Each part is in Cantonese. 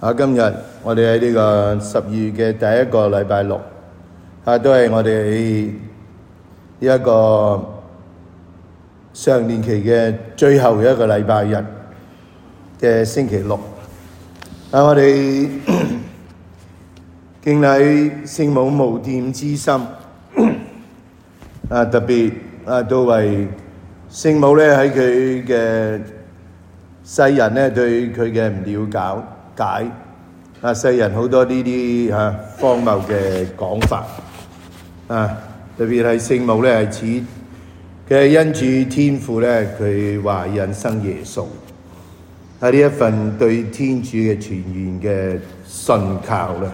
啊！今日我哋喺呢個十二月嘅第一個禮拜六，啊，都係我哋呢一個常年期嘅最後一個禮拜日嘅星期六。啊，我哋 敬禮聖母無玷之心。啊，特別啊，都為聖母咧喺佢嘅世人咧對佢嘅唔了解。解啊！世人好多呢啲嚇荒謬嘅講法啊！特別係聖母咧係指佢係因主天父咧，佢話人生耶穌喺呢一份對天主嘅全然嘅信靠啦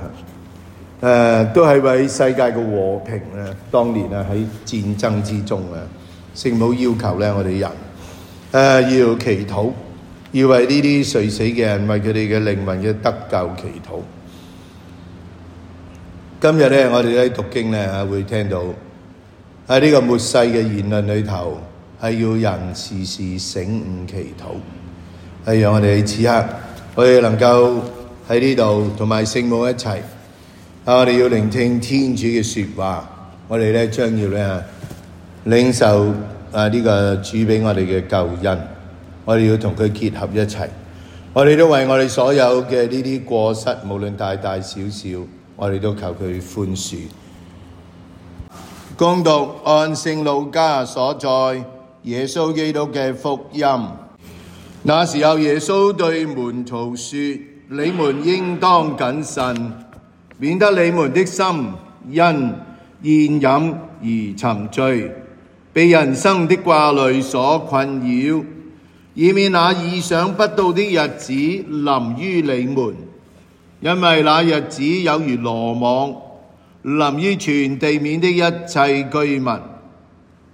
嚇。誒都係為世界嘅和平咧，當年啊喺戰爭之中啊，聖母要求咧我哋人誒要祈禱。要為呢啲垂死嘅人，為佢哋嘅靈魂嘅得救祈禱。今日咧，我哋喺讀經咧，啊，會聽到喺呢個末世嘅言論裏頭，係要人時時醒悟祈禱，係讓我哋此刻我哋能夠喺呢度同埋聖母一齊啊！我哋要聆聽天主嘅說話，我哋咧將要咧領受啊呢個主俾我哋嘅救恩。我哋要同佢結合一齊。我哋都為我哋所有嘅呢啲過失，無論大大小小，我哋都求佢寬恕。恭讀安聖路加所載，耶穌基督嘅福音。那時候，耶穌對門徒説：你們應當謹慎，免得你們的心因宴飲而沉醉，被人生的掛慮所困擾。以免那意想不到的日子臨於你們，因為那日子有如羅網，臨於全地面的一切居民，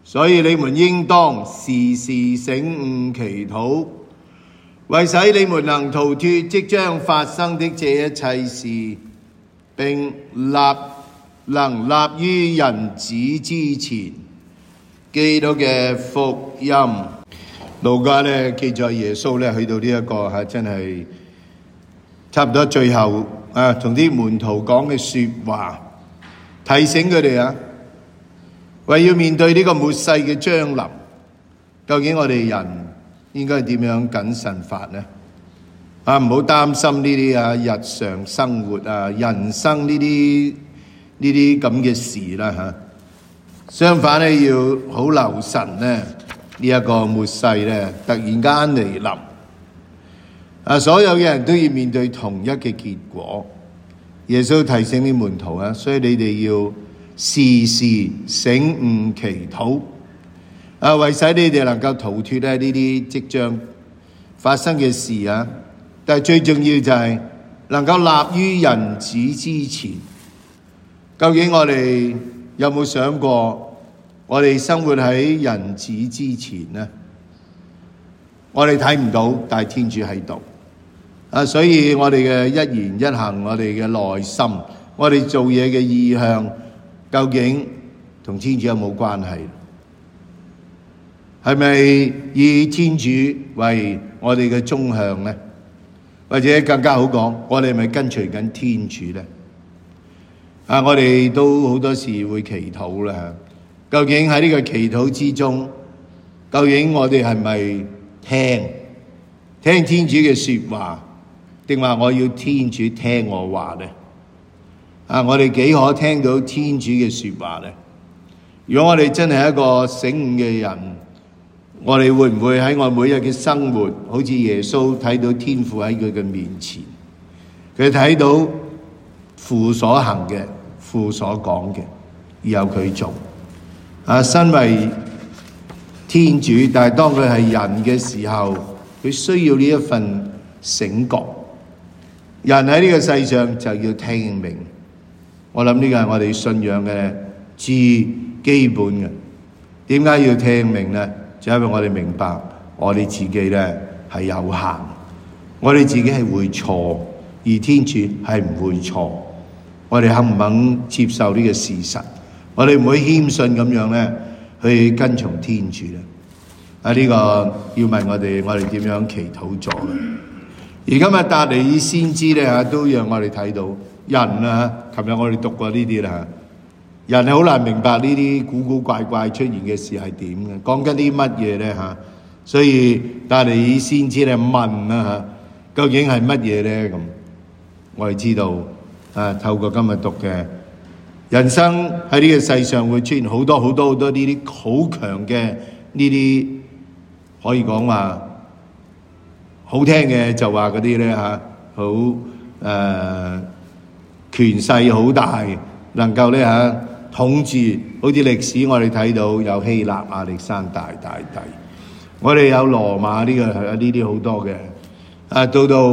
所以你們應當時時醒悟祈禱，為使你們能逃脱即將發生的這一切事，並立，能立於人子之前，基督嘅福音。路加咧記載耶穌咧去到呢一個吓，真係差唔多最後啊，同啲門徒講嘅說話，提醒佢哋啊，為要面對呢個末世嘅將臨，究竟我哋人應該點樣謹慎法咧？啊，唔好擔心呢啲啊日常生活啊、人生呢啲呢啲咁嘅事啦吓，相反咧，要好留神咧。呢一個末世呢，突然間嚟臨啊，所有嘅人都要面對同一嘅結果。耶穌提醒啲門徒啊，所以你哋要時時醒悟祈禱啊，為使你哋能夠逃脫咧呢啲即將發生嘅事啊。但係最重要就係能夠立於人子之前。究竟我哋有冇想過？我哋生活喺人子之前呢，我哋睇唔到，但天主喺度。所以我哋嘅一言一行，我哋嘅內心，我哋做嘢嘅意向，究竟同天主有冇關係？係咪以天主為我哋嘅中向呢？或者更加好講，我哋咪跟隨緊天主呢？啊！我哋都好多時會祈禱啦，究竟喺呢個祈禱之中，究竟我哋係咪聽聽天主嘅說話，定話我要天主聽我話呢？啊，我哋幾可聽到天主嘅說話呢？如果我哋真係一個醒悟嘅人，我哋會唔會喺我每日嘅生活，好似耶穌睇到天父喺佢嘅面前，佢睇到父所行嘅，父所講嘅，由佢做？啊，身為天主，但係當佢係人嘅時候，佢需要呢一份醒覺。人喺呢個世上就要聽命。我諗呢個係我哋信仰嘅至基本嘅。點解要聽命咧？就因為我哋明白我哋自己咧係有限，我哋自己係會錯，而天主係唔會錯。我哋肯唔肯接受呢個事實？我哋唔會謙遜咁樣咧，去跟從天主咧。啊，呢個要問我哋，我哋點樣祈禱咗？而今日達尼爾先知咧，吓都讓我哋睇到人啊。琴日我哋讀過呢啲啦，人係好難明白呢啲古古怪怪出現嘅事係點嘅。講緊啲乜嘢咧？吓，所以達尼爾先知咧問啊，吓究竟係乜嘢咧？咁我哋知道啊，透過今日讀嘅。人生喺呢個世上會出現好多好多好多呢啲好強嘅呢啲，可以講話好聽嘅就話啲咧吓，好，誒，權勢好大，能夠咧吓統治，好似歷史我哋睇到有希臘亞歷山大大帝，我哋有羅馬，呢個係啊呢啲好多嘅啊，到到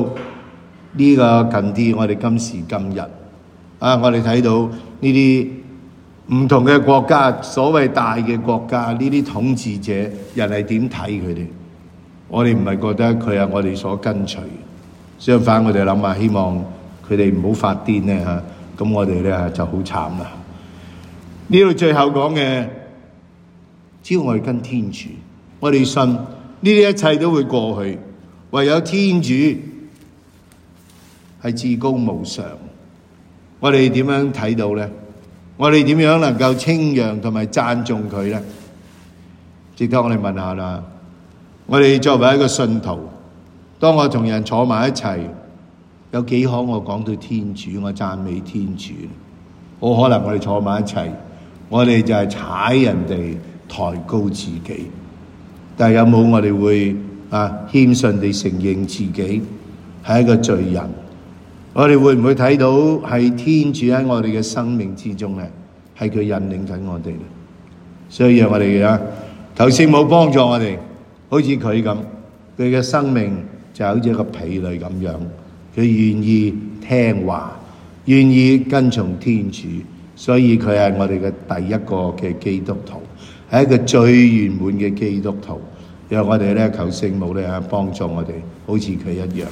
呢個近啲我哋今時今日。啊！我哋睇到呢啲唔同嘅國家，所謂大嘅國家，呢啲統治者人係點睇佢哋？我哋唔係覺得佢係我哋所跟隨，相反我哋諗下希望佢哋唔好發癲咧吓，咁、啊、我哋咧就好慘啦。呢度最後講嘅，只要我哋跟天主，我哋信呢啲一切都會過去，唯有天主係至高無上。我哋點樣睇到咧？我哋點樣能夠稱揚同埋讚頌佢咧？值得我哋問，問下啦。我哋作為一個信徒，當我同人坐埋一齊，有幾可我講到天主，我讚美天主。好可能我哋坐埋一齊，我哋就係踩人哋抬高自己。但係有冇我哋會啊謙遜地承認自己係一個罪人？我哋會唔會睇到係天主喺我哋嘅生命之中呢？係佢引領緊我哋，所以讓我哋啊求聖母幫助我哋，好似佢咁，佢嘅生命就好似一個婢女咁樣，佢願意聽話，願意跟從天主，所以佢係我哋嘅第一個嘅基督徒，係一個最圓滿嘅基督徒。讓我哋咧求聖母咧幫助我哋，好似佢一樣。